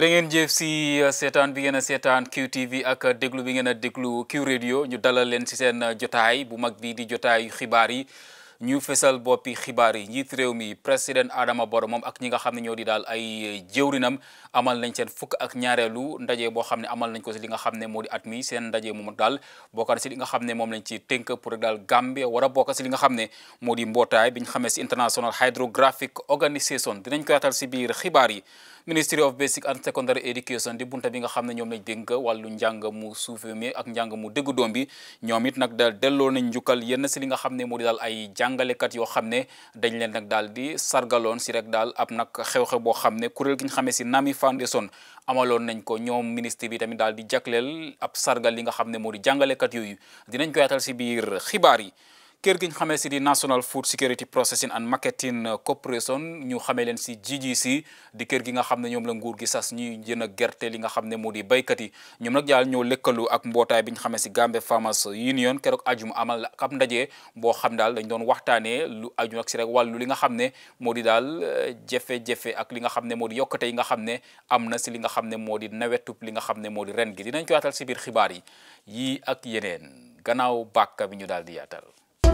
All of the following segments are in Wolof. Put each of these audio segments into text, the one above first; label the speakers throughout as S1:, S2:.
S1: jërë ngeen jëf si uh, seetaan bi ngeen a seetaan QTV ak uh, déglu bi ngeen a déglu Q Radio ñu dalal leen si seen uh, jotaay bu mag bii di jotaay xibaar yi ñu fesal boppi xibaar yi njiit réew mi président Adama Barrow moom ak ñi nga xam ne ñoo di daal ay jëwrinam amal nañ seen fukk ak ñaareelu ndaje boo xam ne amal nañ ko si nga xam ne moo di at mi seen ndaje moom daal bokk na si li nga xam ne moom lañ ci tënk pour rek daal Gambie a si xam ne moo di mbootaay bi ñu xamee si International Hydrographic Organisation dinañ ko yaatal si xibaar yi Ministry of Basic and Secondary Education di bunta bi xam ne ñoom lañ dénk wàllu njàng mu suufe mi ak njàng mu déggu doom bi ñoom it nag daal delloo nañ njukkal si li nga xam ne moo di daal ay jàngalekat yoo xam ne dañ leen nag daal di sargaloon si daal ab nag xew-xew boo xam ne kuréel gi Foundation amaloon nañ ko ñoom ministre bi tamit daal di jagleel ab sargal li nga xam ne moo di jàngalekat yooyu dinañ ko yaatal si biir xibaar yi kër gi ñu xamee si di National Food Security Processing and Marketing euh, Corporation ñu xamee leen si si di kër gi nga xam ne ñoom la nguur gi sas ñu jën gerte li nga xam ne moo di béykat yi ñoom nag daal ñoo lëkkalu ak mbootaay bi ñu xamee si Gambia Farmers Union keroog ajum amal ab ndaje boo xam daal dañ doon waxtaanee lu aju nag si rek wàllu li nga xam ne moo di daal euh, jafe-jafe ak li nga xam ne moo di yokkate yi nga xam ne am na si li nga xam ne moo di nawetu li nga xam ne moo di ren gi dinañ ko yaatal si biir xibaar yi yii ak yeneen gannaaw bàkka bi ñu daal di yaatal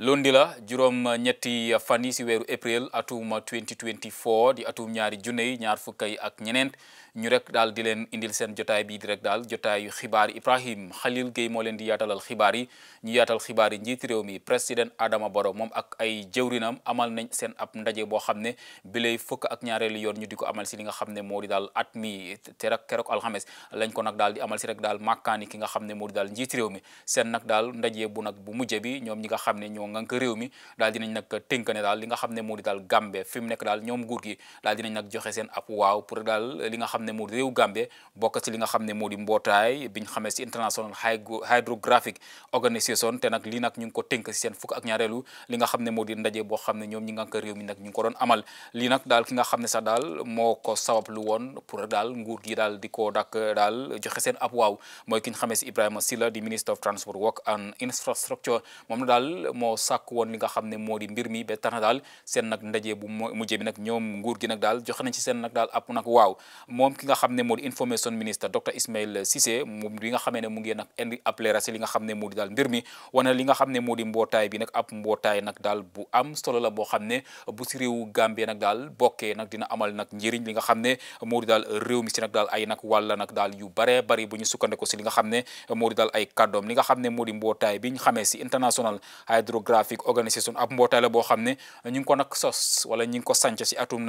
S1: lundi la juróom ñetti fan yi si weeru avril atum 2024 di atum ñaari junne yi ñaar fukkay ak ñeneent ñu rek daal di leen indil seen jotaay bii direk rek daal jotaayu xibaar Ibrahim Khalil Gueye moo leen di yaatalal xibaar yi ñu yaatal xibaar yi njiit réew mi président Adama Barrow moom ak ay jëwrinam amal nañ seen ab ndaje boo xam ne bi lay fukk ak ñaareelu yoon ñu di ko amal si li nga xam ne moo di daal at mi te rek keroog alxames lañ ko nag daal di amal si rek daal màkkaani ki nga xam ne moo daal njiit réew mi seen nag daal ndaje bu nag bu mujj bi ñoom ñi nga xam ne ñoo ngànk réew mi daal dinañ nag tënk ne daal li nga xam ne moo di daal Gambie fi mu nekk daal ñoom nguur gi daal dinañ nag li nga xam di réew Gambie bokk xam ne moo di mbootaay biñ xamee ci te nag lii nag ñu ngi ko tënk ci seen fukk ak ñaareelu li nga xam ne moo di ndaje boo xam ne ñoom ñi ngànk réew mi nag ñu ko doon amal lii nag daal ki nga xam ne sax daal moo ko sabab lu woon pour daal nguur gi daal di ko dak daal joxe seen ab waaw mooy ki ñu xamee ci Ibrahima Silla di Minister of Transport Work and Infrastructure moom na daal moo sàkk woon li nga xam ne moo di mbir mi ba tax na daal seen nag ndaje bu mujjee bi ñoom nguur gi nag daal joxe nañ ci seen nag daal app nag waaw moom ki nga xam ne moo di information ministre docteur Ismail Cissé moom bi nga xamee si li xam ne moo di daal mbir mi wane li nga la boo xam ne bu si réewu Gambie nag daal bokkee nag dina amal nag njëriñ li nga xam ne moo di daal réew mi si nag daal ay nag wàlla nag daal yu bare bari bu ñu sukkandiku si li nga xam ne moo di daal ay kàddoom moo di mbootaay bi ñu xamee si international Geographic Organisation ab mbootaay la boo xam ne ñu sos wala ñu ngi si atum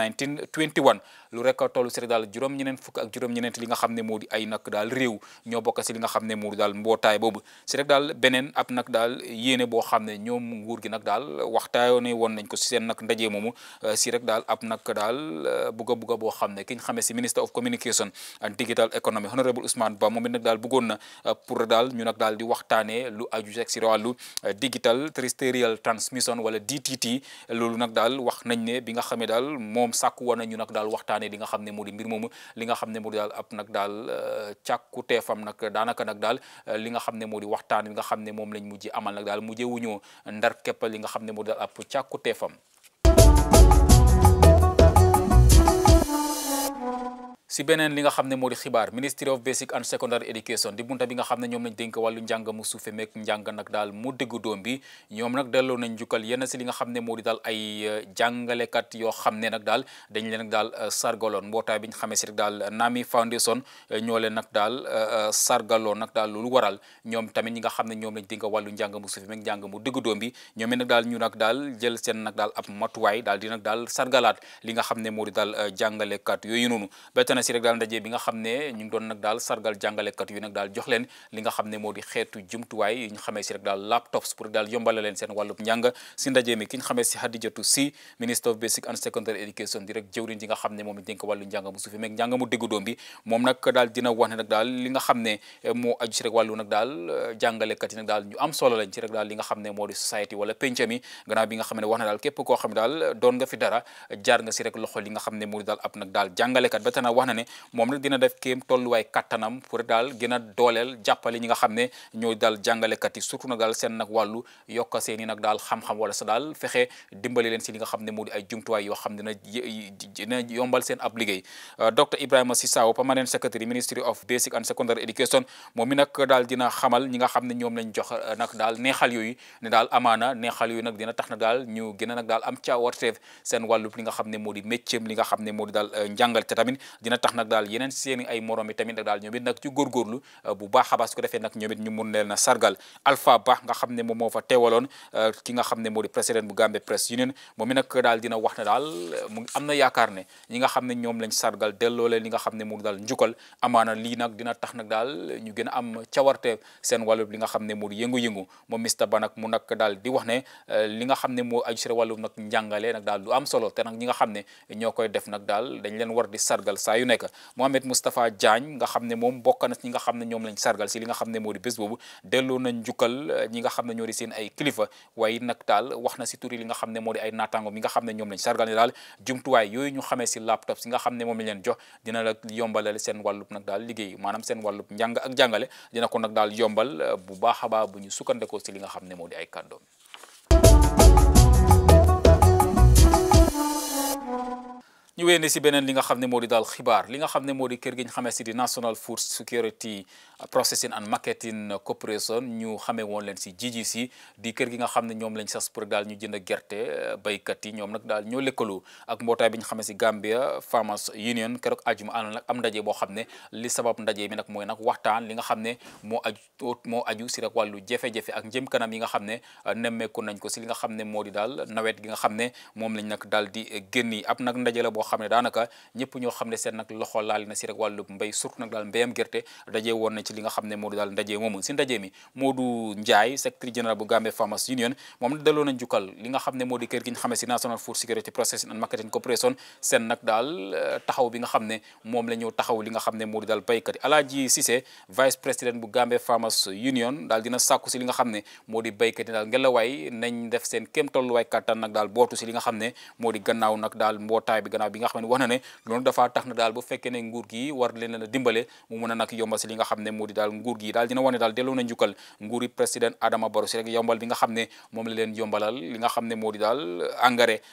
S1: lu rek tollu si rek daal juróom-ñeneen fukk ak juróom-ñeneen xam ne moo ay nag daal réew ñoo si li daal beneen ab daal yéene boo xam ne ñoom nguur gi nag daal waxtaanee woon nañ ko si seen nag ndaje moomu si rek daal ab daal uh, bugg a bugg a boo xam ne ki ñu xamee si minister of communication and digital economy honorable Ousmane Ba moom it nag daal bëggoon na uh, daal ñu territorial transmission wala DTT loolu nag daal wax nañ ne bi nga xamee daal moom sàkku woon nañu nag daal waxtaanee li nga xam ne moo di mbir moom li nga xam ne moo di daal ab nag daal euh, càkku teefam nag daanaka nag daal euh, li nga xam ne moo di waxtaan bi nga xam ne moom lañ mujj amal nag daal mujjewuñoo ndar képp li nga xam ne moo di daal ab càkku teefam si beneen li nga xam ne moo di xibaar Ministry of Basic and Secondary Education di bunta bi nga xam ne ñoom nag daal mu déggu doom bi ñoom nag delloo nañ nga xam ne moo di daal ay euh, jàngalekat yoo xam ne nag daal dañ leen nag daal euh, sargaloon mbootaay bi ñu xamee si rek daal Nami Foundation euh, ñoo leen nag daal sargaloon nag daal loolu waral ñoom tamit ñi nga xam ne ñoom lañ dénk wàllu njàng mu suufe meeg njàng mu déggu doom bi ñoom it nag daal ñu nag daal jël seen nag daal ab matuwaay daal di daal sargalaat li nga xam ne moo di daal jàngalekat yooyu noonu na si rek daal ndaje bi nga xam ne ñu ngi doon nag daal sargal jàngalekat yu nag daal jox leen xam ne moo di xeetu jumtuwaay yu ñu xamee si rek daal laptops pour daal yombala leen seen wàllub njàng si ndaje nag daal dina wax nag daal li nga xam ne eh, eh, society wala penc nga xam ne wax na daal képp koo xam daal doon nga fi dara jaar nga si rek loxo nga xam ne daal ab nag daal jàngalekat ba tax na wax na ne moom nag dina def kéem tolluwaay kattanam pour daal gën a dooleel jàppale ñi ñooy daal jàngalekat yi surtout daal seen nag wàllu yokka seen i nag daal xam-xam wala sa daal fexe dimbali leen si li nga xam ay jumtuwaay yombal seen ab liggéey euh, docteur Ibrahima Sissao permanent secretary ministry of basic and secondary education moom daal dina xamal ñi nga xam ne ñoom euh, daal neexal yooyu ne daal amaana neexal yooyu nag dina tax na daal ñu a nag tax nag daal yeneen seen ay morom yi tamit nag daal ñoom it nag ci góorgóorlu euh, bu baax a baax ko defee nag ñoom ñu mun leen a sargal Alpha Ba nga xam ne moom moo fa teewaloon euh, ki nga xam ne moo di président bu Gambia Press Union moom mi nag daal dina wax euh, na yaakaar ne ñi nga xam ne ñoom lañ sargal delloo leen li nga xam ne mu daal njukkal amaana lii nag dina tax nag daal ñu gën a am cawarte seen wàllub li nga xam ne moo di yëngu-yëngu moom Mr Ba nag mu nag daal di wax ne li nga xam ne moo aju si wàllub nag njàngale nag daal lu am solo te nag ñi nga xam ne ñoo koy def nag daal dañ leen war di sargal yu nekk Mohamed Moustapha nga xam ne moom bokk na ñi nga xam ne ñoom lañ sargal si li nga xam ne moo di bés boobu delloo nañ njukkal eh, ñi nga xam ne ñoo di ay kilifa waaye nag daal wax na si turi li nga xam ne moo di ay naataango mi nga xam ne ñoom lañ sargal ne daal jumtuwaay yooyu ñu xamee si laptop si nga xam ne moom lañ leen jox dina la yombalal seen wàllub nag daal liggéey maanaam seen njàng ak jàngale dina ko nag daal yombal eh, bu baax a bu ñu sukkandekoo si li nga xam ne moo di ay kàddoom ñu wéyandi si beneen li nga xam ne moo di daal xibaar li nga xam ne moo di kër gi ñu xamee si di National Food Security processing and marketing corporation ñu xamee woon leen si si di kër gi nga xam ne ñoom lañ sas pour daal ñu jënd gerte béykat yi ñoom nag daal ñoo lëkkaloo ak mbootaay bi xam ne si Gambia Farmers Union keroog ajuma ànd nag am ndaje boo xam ne li sabab ndaje mi nag mooy nag waxtaan li nga xam ne moo aju moo aju si rek wàllu jafe ak njëm kanam yi nga xam ne euh, nemmeeku nañ ko si li nga xam ne moo di daal nawet gi nga xam ne moom lañ nag daal di euh, génni am nag ndaje la boo xam ne daanaka ñëpp ñoo xam ne seen nag loxo laal na si rek wàllu mbay surtout nag daal mbayam gerte daje woon ci li nga xam ne moo du daal ndaje moomu si ndaje mi moo di kër gi ñu xamee si National Food euh, moom la taxaw li nga xam ne moo di daal béykat Alaaji Cissé vice président bu Gambia Farmers Union daal dina sàkku si li nga xam ne moo di béykat ngelawaay nañ def seen kéem tolluwaay kattan nag daal bootu si li nga xam ne moo di gannaaw nag daal mbootaay bi gannaaw bi nga xam ne wax na ne loolu dafaa tax na daal bu fekkee ne nguur gi a a moo di daal nguur gi daal dina wane daal delloo na njukkal nguuri président Adama Barrow rek yombal bi xam ne moom la leen yombalal li nga xam ne moo daal engrais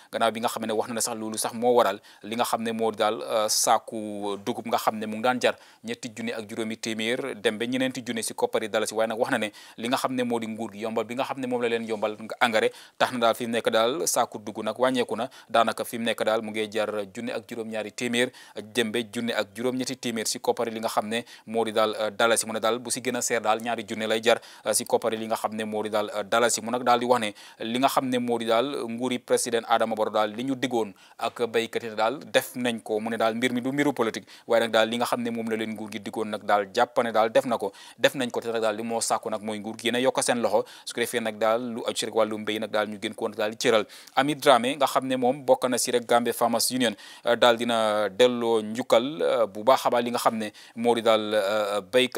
S1: euh, dugub nga xam ne mu daan jar ñetti junne ak juróomi téeméer dem ba ñeneenti junne si koppari dalasi waaye nag wax na ne li nga xam ne moo di nguur gi yombal bi nga xam ne moom la leen yombal engrais tax na daal fi mu nekk daal saaku dugub nag wàññeeku na daanaka fi mu nekk daal mu ngi junne ak juróom-ñaari li nga xam dalasi mu ne daal bu si gën a seer daal ñaari junne lay jar uh, si koppari li nga xam ne moo di daal uh, dalasi mu nag daal di wax ne li nga xam ne moo di daal nguuri président ko mu ne daal mbir mi du mbiru politique waaye daal li nga xam ne moom la leen nguur gi diggoon nag daal jàppane daal def na ko def mooy nguur gi ne yokk seen loxo su ko defee nag daal lu ne moom bokk na si rek Gambia Farmers Union uh, daal dina delloo njukkal bu baax a li nga xam ne moo di daal béykat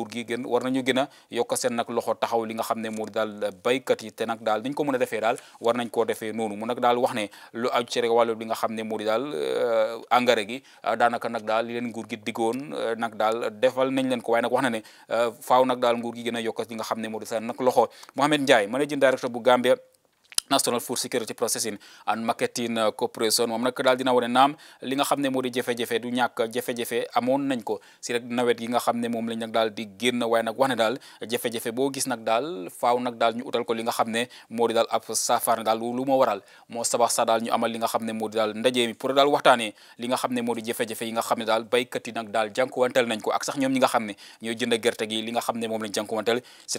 S1: nguur gi gën a yokk loxo taxaw li nga xam ne moo di daal baykat yi te nag daal niñ ko mën a defee daal war nañ koo defee noonu daal wax ne lu aju ci rek wàllu li nga xam ne moo di daal euh, engrais gi euh, daanaka nag daal li leen nguur gi diggoon euh, nag daal defal nañ leen ko waaye nag wax na ne faaw nag daal nguur gi gën a yokk li nga xam ne moo di seen nag loxo Mohamed Ndiaye managing director bu Gambia National Food Security Processing and Marketing Corporation moom nag daal dina wane naam li xam ne moom lañ nag daal di génn waaye nag wax ne daal jafe-jafe boo gis nag daal faaw nag daal ñu utal ko li nga xam ne moo di daal ab saafara daal lu moo waral moo sabax sa daal ñu amal li nga xam ne moo di daal ndaje mi pour daal waxtaanee li nga xam ne moo di jafe-jafe xam ne daal baykat yi nag daal jànkuwantel nañ ko ak sax ñoom ñi nga xam ne ñooy jënd gi li nga xam ne moom lañ jànkuwantel si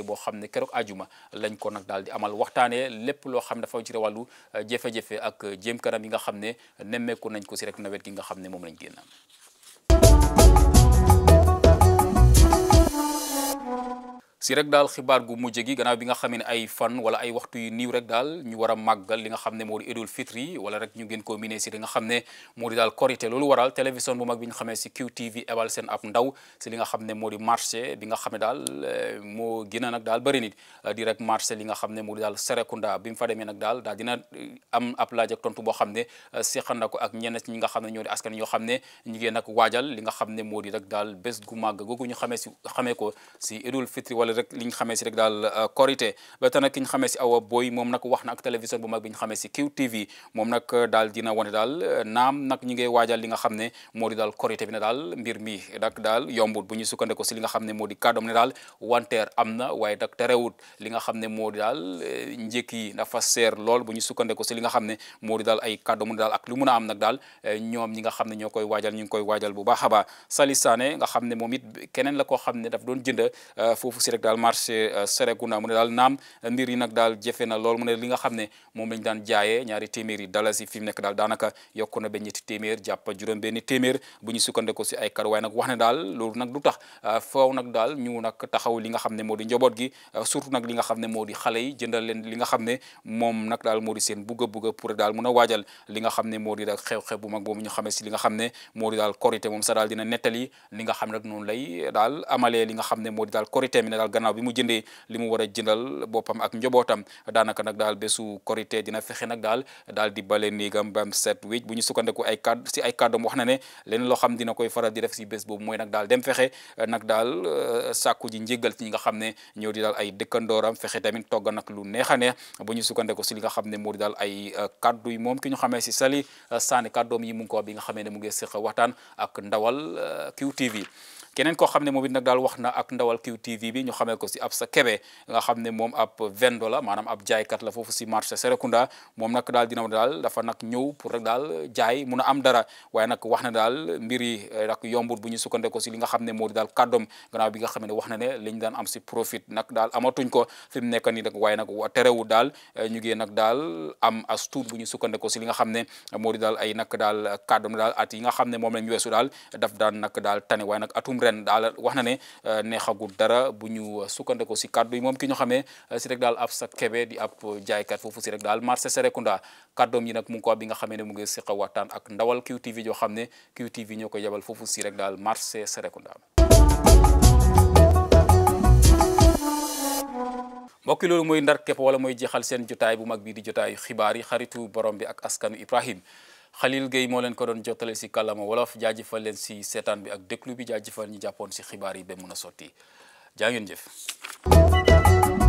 S1: daje boo xam ne keroog ajuma lañ ko nag daal di amal waxtaanee lépp loo xam ne dafa ci wàllu euh, jafe-jafe ak euh, jéem kanam yi nga xam ne nemmeeku nañ ko si rek nawet gi nga xam ne moom lañ génn si rek daal xibaar gu mujj gi gannaaw bi nga ay fan wala ay waxtu yu rek daal ñu war a màggal xam ne moo di Idul Fitri wala rek ñu gën koo miné si li xam ne moo di daal korité loolu nga xam ne daal eh, moo a daal bëri nit eh, di rek marché li nga xam ne moo di daal Serekunda bi mu fa demee nag daal daal dina eh, am ab laaj ak boo xam ne seexan na ko ak ñenn ñi nga xam ne ñoo di askan ñoo xam ne ñu ngi nag waajal li nga xam ne moo di rek daal bés gu màgg googu ñu xamee si xamee ko si Idul Fitri daal rek li ñu xamee si rek daal euh, korité ba tey nag ki ñu awa booy moom nag wax na ak télévision mag bi ñu xamee QTV moom nag euh, daal dina wane daal euh, naam nag ñu waajal li nga xam ne moo di daal korité bi ne daal mbir mi dak daal yombut bu ñu sukkandeko si li nga xam ne moo di kàddoom ne daal wanteer am na waaye dak terewut li nga xam ne moo di daal njëkk yi dafa seer lool bu ñu sukkandeko si li nga xam ne moo di daal ay kàddoom ne daal ak lu mun am nag daal ñoom ñi nga xam ne ñoo koy waajal ñu ngi koy waajal bu baax a baax Salih nga xam ne moom it keneen la koo xam ne daf doon jënd foofu si rek rek daal marché euh, Serekunda mu ne daal naam mbir yi nag daal jafe na lool mu ne li nga xam ne moom lañ daan jaayee ñaari téeméer dalasi fi daal daanaka yokku na ba ñetti téeméer jàpp juróom benni téeméer bu ñu si ay kar waaye nag wax ne daal loolu nag du tax euh, foow nag daal ñu nag taxaw li nga xam ne moo di gi euh, surtout nag li nga xam ne moo di xale yi jëndal leen li nga xam ne moom nag daal moo di seen bugg a bugg a pour daal mun a waajal li nga xam ne moo daal xew-xew bu mag boobu ñu xamee li nga xam ne moo di daal korité moom sa daal dina nettali li nga daal gannaaw bi mu jëndee li mu war a jëndal boppam ak njobootam daanaka nag daal bésu korité dina fexe nag daal daal di bale néegam bam set wécc bu ñu sukkandiku ay kàddu si ay kàddum wax na ne leen loo xam dina koy faral di def si bés boobu mooy nag daal dem fexe nag daal euh, sàkku ji njéggal ñi nga xam ne ñoo di daal ay dëkkandooram fexe tamit togg nag lu neex a neex bu ñu sukkandiku si li nga xam ne moo di daal ay euh, kàddu mom moom ki ñu xamee si Sali Sané kàddoom yi mu ngi ko bi nga xamee ne mu ngi seq waxtaan ak ndawal euh, QTV keneen koo xam ne moom it nag daal wax na ak ndawal QTV bi ñu xamee ko si ab sa kebe nga xam ne moom ab vendo la maanaam ab jaaykat la foofu si marché Serekunda moom nag daal dina daal dafa nag ñëw pour rek daal jaay mun a am dara waaye nag wax na daal mbir yi eh, nag yombut bu ñu sukkandeko si li nga xam ne moo di daal kàddoom gannaaw bi nga xam ne wax na ne liñ daan am si profit nag daal amatuñ ko fi mu nekk nii nag waaye nag terewul daal eh, ñu ngi nag daal am as bu ñu sukkandeko si li nga xam ne moo di daal ay nak daal kàddoom daal at yi nga xam ne moom lañ weesu daal daf daan nag daal tane waaye nag atum moom ren daal wax na ne euh, neexagul dara bu ñu sukkandeko si kaddu yi moom ki ñu xamee euh, si rek daal ab sa kebe di ab jaaykat foofu si rek daal marché Serekunda kaddoom yi nag mu ngi ko bi nga xamee ne mu ngi siqa ak ndawal QTV joo xam ne QTV ñoo ko yebal foofu si rek daal marché Serekunda mbokki loolu mooy ndar képp wala mooy jeexal seen jotaay bu mag bii di jotaayu xibaar yi xaritu borom bi ak askanu Ibrahim Khalil Gueye moo leen ko doon jottale si kàllaama wolof jaajëfal si seetaan bi ak déglu bi jaajëfal ñi jàppoon si xibaar yi dem mun a sotti jaa ngeen jëf